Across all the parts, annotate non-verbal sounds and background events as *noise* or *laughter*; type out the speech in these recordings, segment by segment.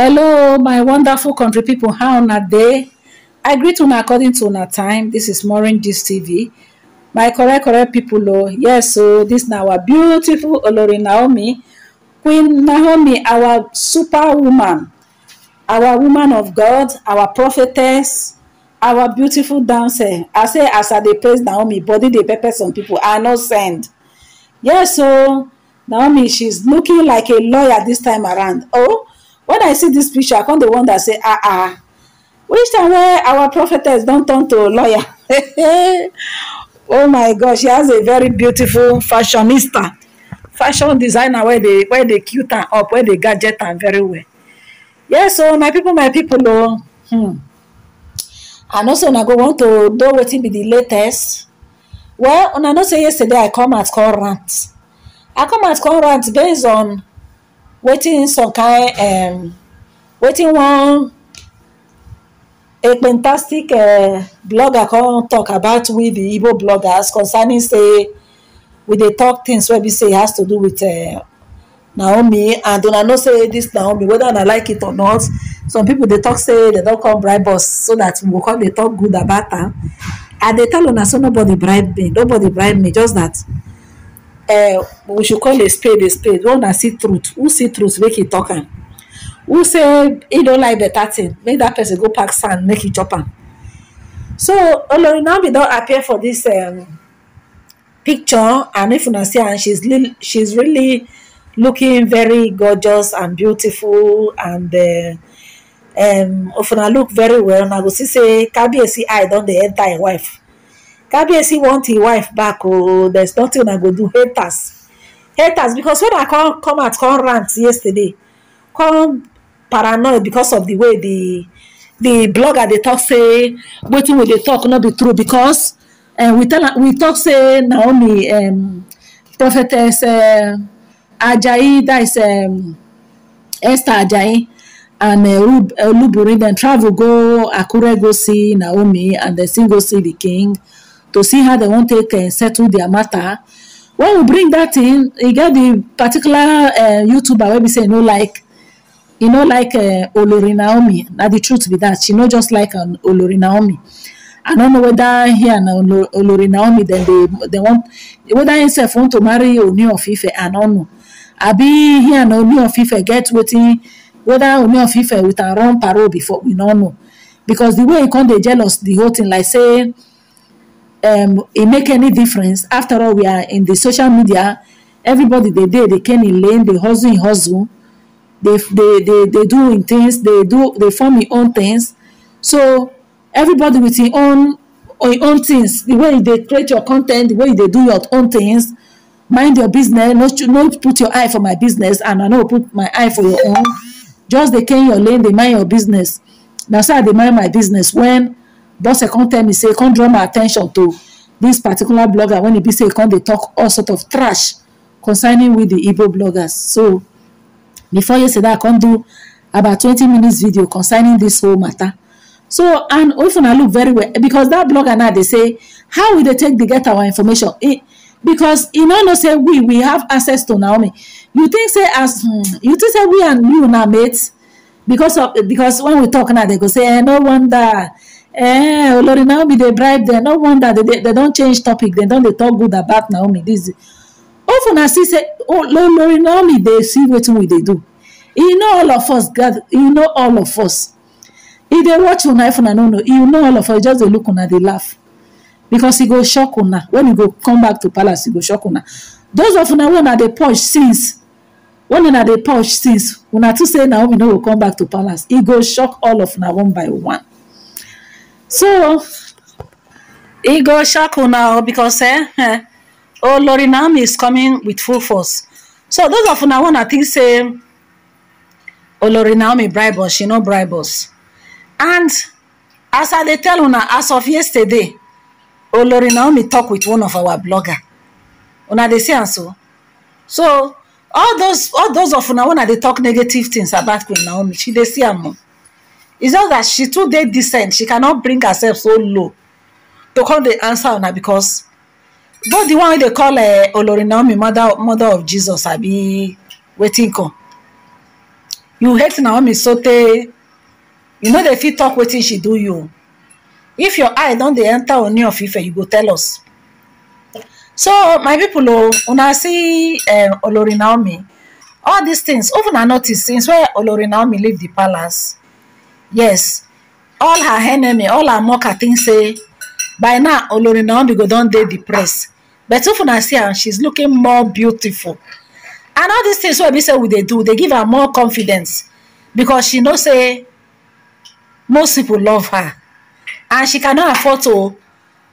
Hello, my wonderful country people. How na day? I greet you according to na time. This is Maureen Gist TV. My correct, correct people, oh, yes, so this now our beautiful Olori Naomi, Queen Naomi, our superwoman, our woman of God, our prophetess, our beautiful dancer. I say, as I dey praise Naomi, body dey pepper some people are not send. Yes, so Naomi, she's looking like a lawyer this time around. Oh, when i see this picture i come one that say ah ah which time where our prophetess don't turn to lawyer *laughs* oh my god she has a very beautiful fashionista fashion designer where where they cute and up where they gadget and very well yes so oh, my people, my people, oh, hmm. know. hmm and also I go want to know wetin be the latest well I know say yesterday i come at current. i come at current based on wetin some kind um, wetin one a fantastic uh, blogger come talk about with the igbo bloggers concerning say we dey talk things wey be say has to do with uh, naomi and una know say this naomi whether una like it or not some people dey talk say dem don come bribe us so that we go come dey talk good about am i dey tell una say nobody bribe me nobody bribe me just that Eh, we should call a spade a spade one na see truth who see truth make he talk am who say he no like better thing make that person go pack sand make e chop am so now olorinami don appear for dis um, picture and if una see am she's really looking very gorgeous and beautiful and uh, um, if una look very well una go see say kabiyesi eye don dey enter im wife kabiyesi want him wife back o oh, there's nothing una go do haters haters because when i come come out come rant yesterday come paranoid because of the way the the blogger dey talk say wetin we dey talk no be true because uh, we tell we talk say naomi um, prophetess uh, ajayi that is um, esther ajayi and uh, olubori dem travel go akure go see naomi and dem still go see the king to see how dem wan take eh, settle their matter when we bring dat in e get di particular eh, youtuber wey be say e no like e no like eh, olorinaomi na di truth be dat she no just like olorinaomi i no know weda he and olorinaomi dem dey want wan weda himself want to marry oni ife i no know abi here and oni ife get wetin weda oni ife with her run parole before we no know because di way e come dey jealous the whole tin like say. um, it make any difference after all we are in the social media everybody dey dey dey can im lane dey hustle im hustle dey dey dey dey do im things dey do dey form im own things so everybody with im own im own things the way you dey create your con ten t the way you dey do your own things mind your business no no put your eye for my business and i no put my eye for your own just dey can your lane dey mind your business na so i dey mind my business when bosekhan tell me say come draw my attention to dis particular blogger wen e be say e come dey talk all sort of trash consigning with di igbo bloggers so before yesterday say i come do about 20 minutes video consigning dis whole mata. so and of una look very well because dat blogger now dey say how we dey take dey get our information e because e no know say we we have access to naomi you think say as hmm, you think say we and you na mates because of because when we talk now dem go say i eh, no wonder. eh olori naomi they bribe dem no wonder They don't change topic don't they talk good about naomi dis often i see say oh, Lordy, naomi they see what we they do You know all of us god You know all of us If they watch una if una no know you know all of us just they look and they laugh because he go shock una When he go come back to palace he go shock una those of Naomi when they dey push since when una dey push since I too say naomi no will come back to palace He go shock all of una one by one so e go shackle now because eh, eh, oh lori naomi is coming with full force so those of one wanna think say oh lori naomi bribe us she no bribe us and as i tell una as of yesterday olori oh, naomi talk with one of our blogger una they say am so so all those all those of una una they talk negative things about queen naomi she they see am o it's not that she too dey decent she cannot bring herself so low to come dey answer una because both the one wey dey call uh, olori mother mother of jesus abi wetin come you hate naomi sotey you no dey fit talk wetin she do you if your eye don dey enter oni of ife you go tell us so my people o una see um, olori all these things even i notice since where olori leave the palace yes all her enemy all her mocker things say by now olori naomi go don they depressed but if I see her she's looking more beautiful and all these things What we say what they do they give her more confidence because she know say most people love her and she cannot afford to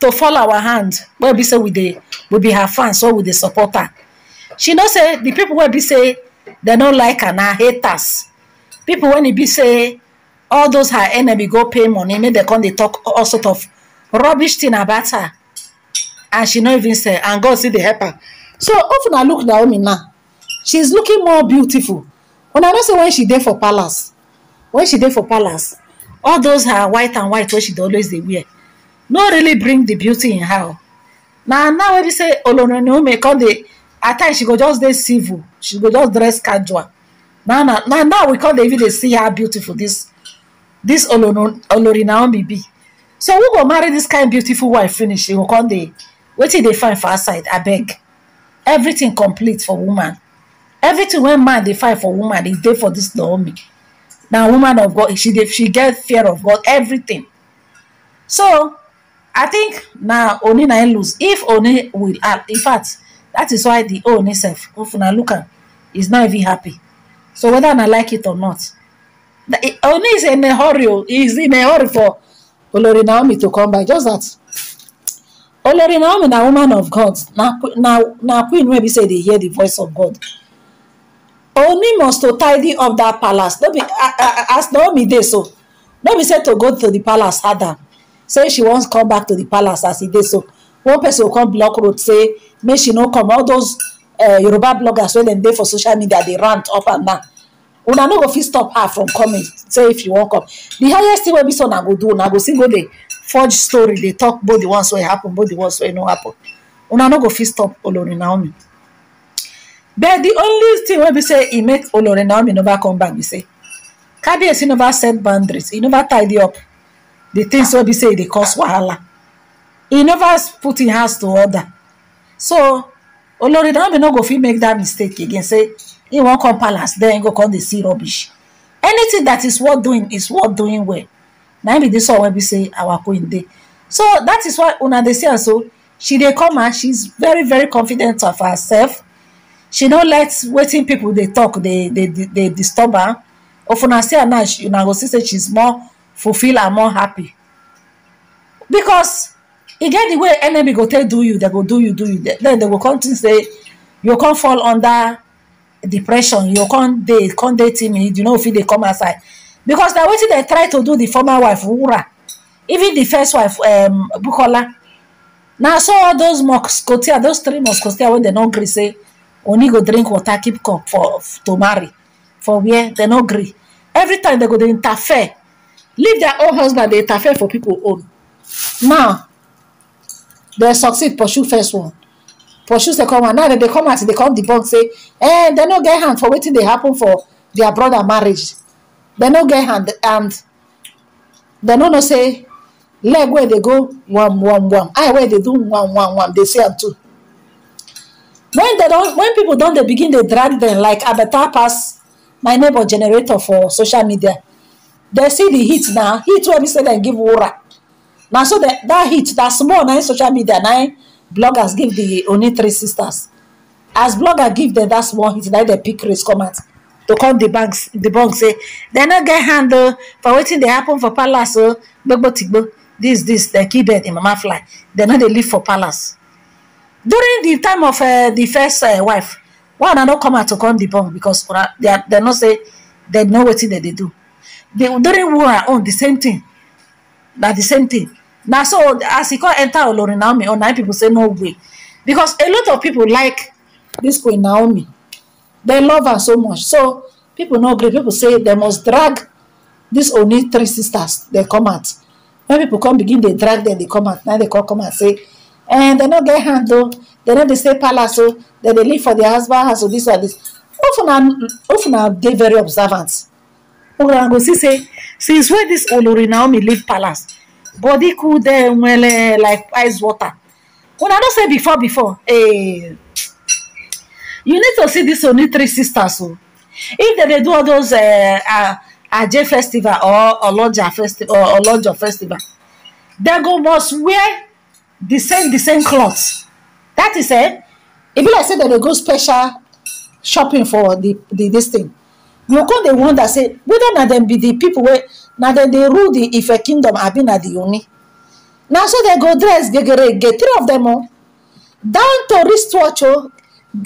to fall our hand What we say we dey be her fans so we the support her she know say the people What be say they don't like her now. haters people when e be say all those her enemy go pay money make dem come They talk all sort of rubbish thing about her and she not even say and god see the helper. so often i look naomi now she is looking more beautiful una know say when she there for palace when she there for palace all those her white and white where she always dey wear no really bring the beauty in her Now now when be say olori naomi come the, at times she go just dey civil she go just dress casual Now now na now we come even dey see how beautiful this dis olori na omi be so who go marry this kind beautiful wife finish e go come dey wetin dey find for outside abeg everything complete for woman everything wey man dey find for woman e dey for this naomi na woman of god she dey she get fear of god everything so i think na oni na lose if oni will in fact that is why the oni sef if una look am is not even happy so whether na like it or not Only is in a hurry. Oh. He's in a hurry for Olori Naomi to come back. Just that. Olori Naomi na woman of God. now now queen wey be say dey hear the voice of God. Only must to tidy up that palace. Don't be, as Naomi dey so. Don't be said to go to the palace harder. Say she wants come back to the palace as he dey so. One person will come block road say may she not come. All those uh, Yoruba bloggers wey dem dey for social media they rant up and down una no go fit stop her from coming say if you wan come the highest thing wey be so na go do na go still go dey forge story dey talk both the ones wey happen both the ones wey no happen una no go fit stop olori naomi but the only thing wey be say e make olori naomi never come back be say kabiyesi never set boundaries e never tidy up the things wey be say e dey cause wahala e never put im house to order so olori naomi no go fit make that mistake again say he won't come palace then he go come the see rubbish anything that is worth doing is worth doing well na this be dis one wey be say our queen dey so that is why una dey see am so she dey come and She's very very confident of herself she no let waiting people they talk they they they disturb her of una see her now una go see say she's more fulfilled and more happy because again e the way enemy go tell do you they go do you do you then they go come think say you can't fall under depression you con dey kon dey timid you no fit dey come outside becos na wetin dem try to do di former wife wura even di first wife um, bukola na so all those muscotia those three muscotia wey dem no gree say oni go drink water keep cup for to marry for wia dem no gree evri time dem go dey interfere leave dia own house dey interfere for pipo own now dem succeed pursue first one. pursue second one now dem dey come as e dey come di point say eh, dem no get hand for wetin dey happen for dia brother marriage dem no get hand and dem no know say leg wey dey go wam wam wam eye wey dey do wam wam wam dey see am too. wen dey don pipo don dey begin dey drag dem like abeta pass my neighbor generator for social media dem see di heat na heat wey be say dem give wura na so dat heat na small na social media na. bloggers give the only three sisters as blogger give dem that small hit na dem pick race come the banks. The bank say they not get handle oh, for waiting. They happen for palace o oh. gbogbotigbo this this dem kill bird in mama fly They not they live for palace during the time of eh, the first eh, wife why una not come out to come bank because they not say they know wetin that they do during war own the same thing that the same thing na so as e come enter olori naomi or nine people say no way because a lot of people like dis queen naomi dem love her so much so people no gree people say dem must drag dis only three sisters come out when people come begin dey drag dem dey comot na dem come comot say dem eh, no get hand o oh. dem no dey stay palace o oh. dem dey live for their husband house or oh, dis or that dis ofuna ofuna dey very observant oorun go see say since wen dis olori naomi leave palace. body cool them well, nwele like ice water When I don say before before eh you need to see this only three sisters so oh. if they they do all those uh, aje festival or oloja festival or olojo festival they go must wear the same the same clothes. that is eh e be like say that they go special shopping for the the this thing you go dey wonder say whether na them be the people where. na dem dey rule di ife kingdom abi na di uni na so dem go dress gegerege three of dem o down to wristwatch o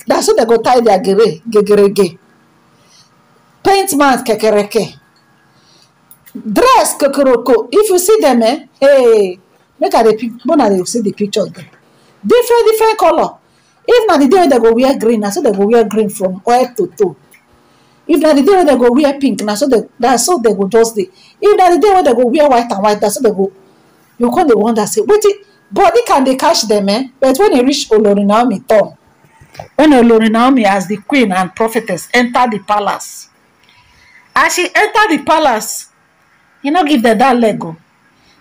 na so dem go tie dia gelee gegerege paint man kekereke dress kokoroko if you see dem eh hey make i dey pe more na dey see di picture different different color if na di day wey dem go wear green na so dem go wear green from oil to toe if na di day wey dem go wear pink na so dem go just dey. if na di day wey dem go wear white and white so dem go you come con dey wonder say wetin god e can dey catch dem eh but wen e reach naomi turn wen naomi as di queen and prophetess enta di palace. as she enta di palace e no give dem dat lego oh.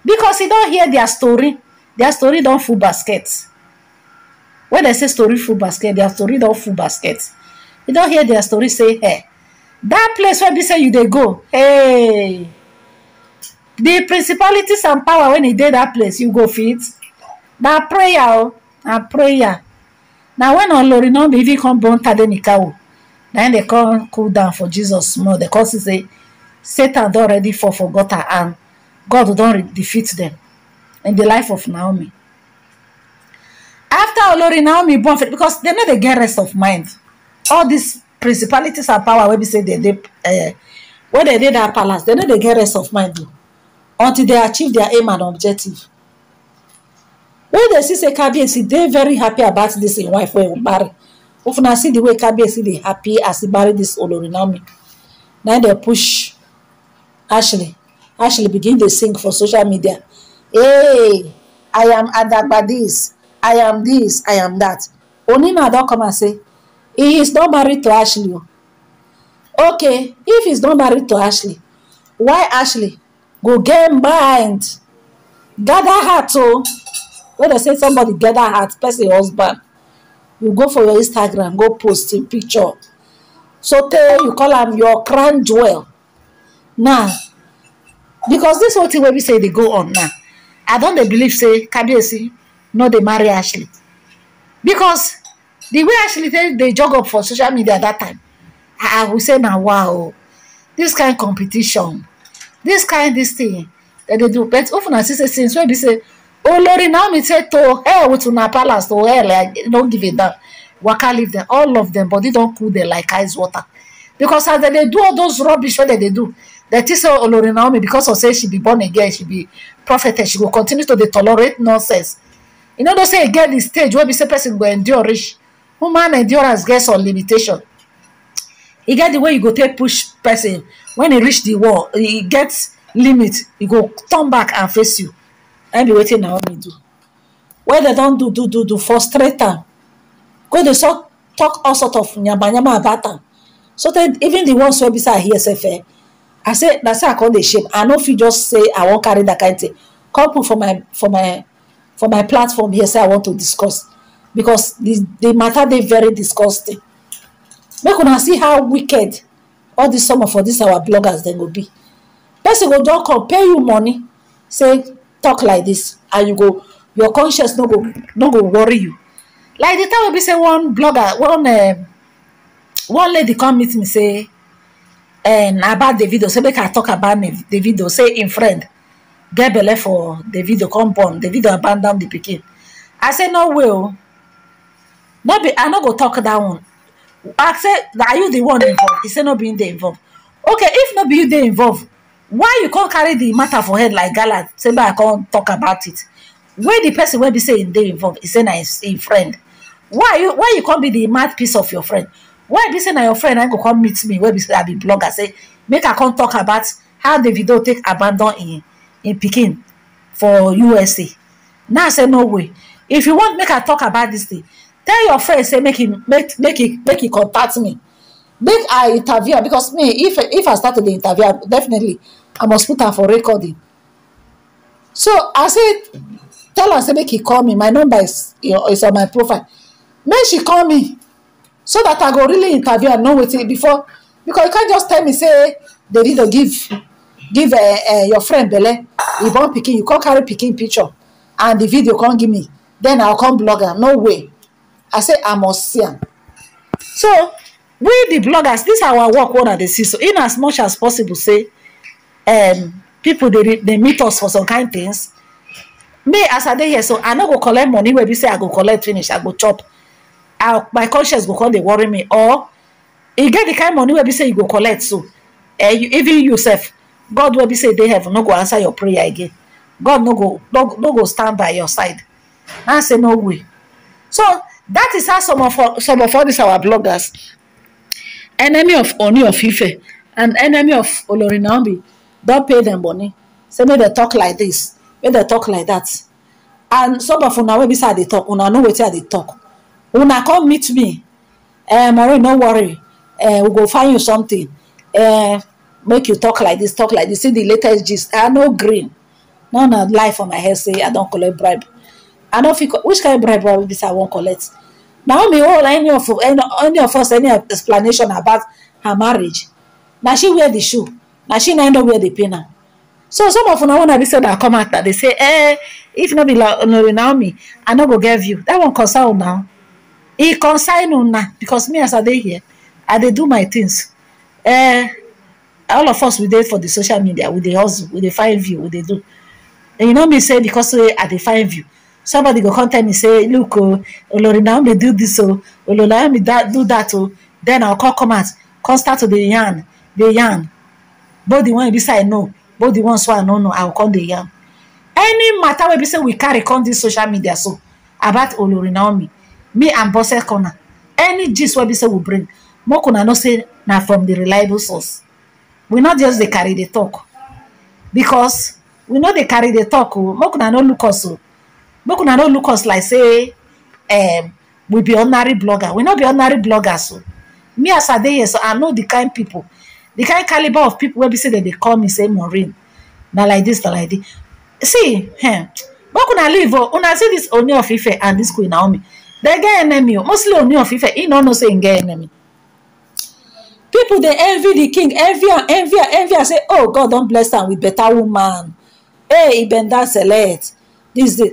because e don hear dia story dia story don full basket wen dem say story full basket dia story don full basket e don hear dia story say hey eh, dat place wey be say you dey go hey. the principalities and power when he did that place you go fit na prayer na prayer na wen olori no even come born tadenika o na im dey come cool down for jesus more. dey come see say satan do already ready for forgotten and god don't defeat them in the life of naomi after olori naomi born because they know they get rest of mind all these principalities and power when be say they eh, they they did that palace they know they get rest of mind until they achieve their aim and objective when they see say kabiyesi they very happy about this in wife when im marry if una see the way kabiyesi they happy as he marry this olori naomi na im push ashley ashley begin to sing for social media hey i am adagba this i am this i am that onina don come and say he is not married to ashley okay if he is not married to ashley why ashley go get mind gather heart o oh. when dem say somebody gather heart person husband you go for your instagram go post im picture So sotey you call am your crown jewel now because this whole thing wey be say dey go on now i don dey believe say kabiyesi no dey marry ashley because the way ashley take dey jog up for social media that time i go say na wow o this kind competition This kind this thing that they do but often I see say since wey be say now me say to hell with una palace to hell like don give a damn waka leave them all of them, but they don't cool dem like ice water because as they do all those rubbish wey dem dey do dem Oh say now me because of say she be born again she be prophetess she will continue to dey tolerate nonsense you know say again the stage where we say person go endure reach human endurance gets some limitation e get the way you go take push person when e reach the wall e get limit e go turn back and face you na be wetin naomi do When dem don do do do do frustrate am go dey so talk all sort of yamayama about am so that even the ones wey be say i hear sef eh i say na say i come dey shame i no fit just say i wan carry that kind thing come put for my for my for my platform here say i want to discuss because the the matter dey very disgusting make una see how wicked all this summer for this our bloggers then go be person go don't come pay you money say talk like this, and you go your conscience no go no go worry you like the time will be say one blogger one um, one lady come meet me say and um, about the video, say make i talk about the video, say in friend get belle for the video come born video abandon the pikin i say no will, Not oh. no be i no go talk that one ask say are you the one involved He say no be him dey involved okay if no be you dey involved why you come carry the matter for head like gala say make i come talk about it wey the person wey be say him dey involved He say na him friend why you why you come be the mad piece of your friend why be say na your friend i go come meet me wey be say i be blogger say make i come talk about how davido take abandon him him pikin for usa now i say no way if you want make i talk about this thing tell your friend say make him make make him make him contact me make i interview am because me if if i start to dey interview am definitely i must put am for recording so i say tell am say make he call me my number is is on my profile make she call me so that i go really interview am know wetin before because you can't just tell me say they need to give give uh, uh, your friend belle e born pikin you come carry pikin picture and the video come give me then i come blog am no way I say I must see him. So we the bloggers, this our work one of the see. So in as much as possible, say um people they they meet us for some kind things. Me as I dey here, so I no go collect money where we say I go collect finish, I go chop. I, my conscience go come they worry me. Or you get the kind money where we say you go collect so. Uh, you, even yourself, God will be say they have no go answer your prayer again. God no go no, no go stand by your side. I say no way. So That is how some of some of all these our bloggers, enemy of Oni of Ife and enemy of Olorinambi, Naomi, don pay them money. Say make they talk like this, make they talk like that. And some of una wey be say I dey talk, una know wetin I dey talk. Una come meet me, eh, Maureen, no worry, eh, we go find you something. Eh, make you talk like this, talk like this. See the latest gist. I no green. No, no lie for my head. Say I don collect bribe i don't fit which kind of bribe probably this i won't collect Now, me all any of any of us any explanation about her marriage Now she wear the shoe Now she end up wear the pinna. so some of una when be say na come out they say eh if no be naomi i no go give you that one concern una e concern una because me as i dey here i they do my things eh all of us we there for the social media we dey hustle we dey find view we they do and you know me say because say i dey find view somebody go come tell me say look o olori naomi do this, o olori naomi do that, o then i come come out come start to dey yarn dey yarn both the one beside know both the ones wey i no know i go come dey yarn any matter wey be say we carry come this social media so about olori naomi me and bose corner any gist wey be say we bring make una know say na from the reliable source we no just dey carry dey talk because we no dey carry dey talk o make una no look us o make una no look us like say um, we be ordinary blogger we no be ordinary bloggers So me as i dey here so i know the kind people the kind caliber of people wey be say dem dey call me say maureen na like this na like this see hmm, make una leave o oh, una see this Ooni of Ife and this Queen Naomi dem get enemy o oh. mostly Ooni of Ife he no know say he get enemy people dey envy the king envy am envy am envy am say oh God don bless am with better woman hey he bend that select this day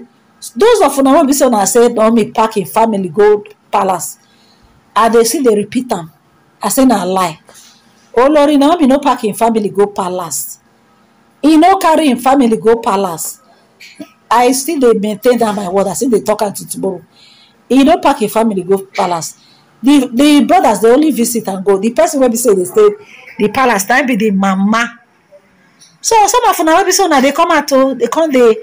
those of una wey be say una say naomi pack im family go palace i dey still dey repeat am i say na lie olori oh, be no pack im family go palace e no carry im family go palace i still dey maintain that my word i still dey talk am till tomorrow e no pack im family go palace the the brothers dey only visit and go the person wey be say dey stay the palace na be the mama so some of una wey be say una dey come out o dey come dey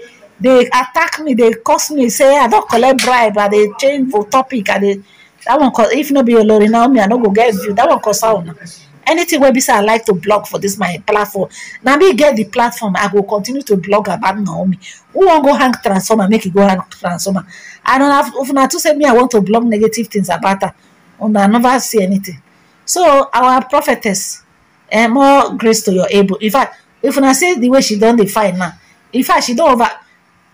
they attack me they curse me say i don't collect bribe i they change for topic i they that one cause if not be now me, i no go get view that one cause sound. anything wey be say i like to blog for this my platform Now me get the platform i go continue to blog about naomi who won't go hang transformer make it go hang transformer I don't have if una to say me i want to blog negative things about her I never see anything so our prophetess eh, more grace to your able in fact if una say the way she done dey fight now in fact she don't over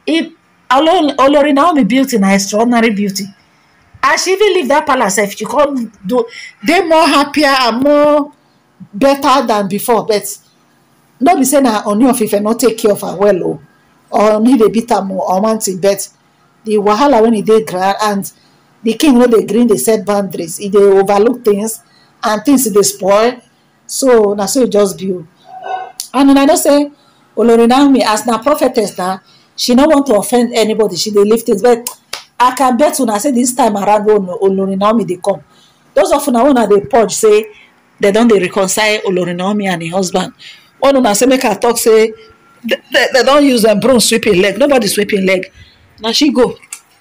If olori naomi beauty na extraordinary beauty as she even leave that palace sef she come do dey more happier and more better than before but no be say na oni of ife no take care of her well o oh. or he dey beat am oh, or one thing but the wahala when e dey ground and the king no dey gree dey set boundaries e dey overlook things and things e dey spoil so na so e just be o oh. and una know say olori naomi as na prophetess na she no want to offend anybody she dey leave things but i can bet una say this time around wey oh olori naomi dey come those of una una dey purge say dem don dey reconcile olori naomi and im husband one una say make her talk say dem don use dem um broom sweep im leg nobody sweep im leg na she go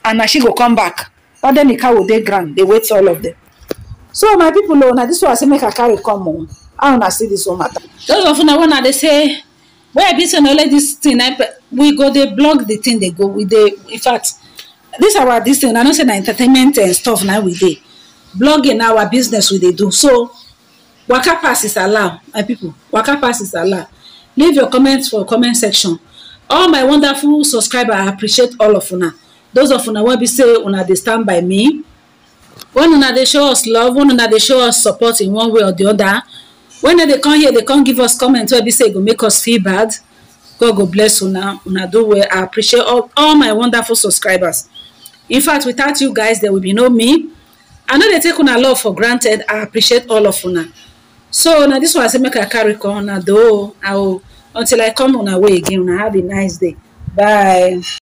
and na she go come back then badenika go dey ground dey wait all of them. so my people, oh, na this one say make i carry come on oh. how una see this one matter those of una wey una dey say Where i be say na only dis thing we go dey block the thing dey go we dey in fact this our this thing i know say na entertainment and eh, stuff na we dey blogging na our business we dey do so waka pass is allowed my people waka pass is allowed leave your comments for comment section all my wonderful subscribers i appreciate all of una those of una wey be say una dey stand by me when una dey show us love when una dey show us support in one way or the other wen they dey come here dey come give us comment wey be say e go make us feel bad god go bless una una do well i appreciate all all my wonderful subscribers in fact without you guys there would be no me i no dey take una love for granted i appreciate all of una so na this one i say make i carry come una do until i come una way again una have a nice day bye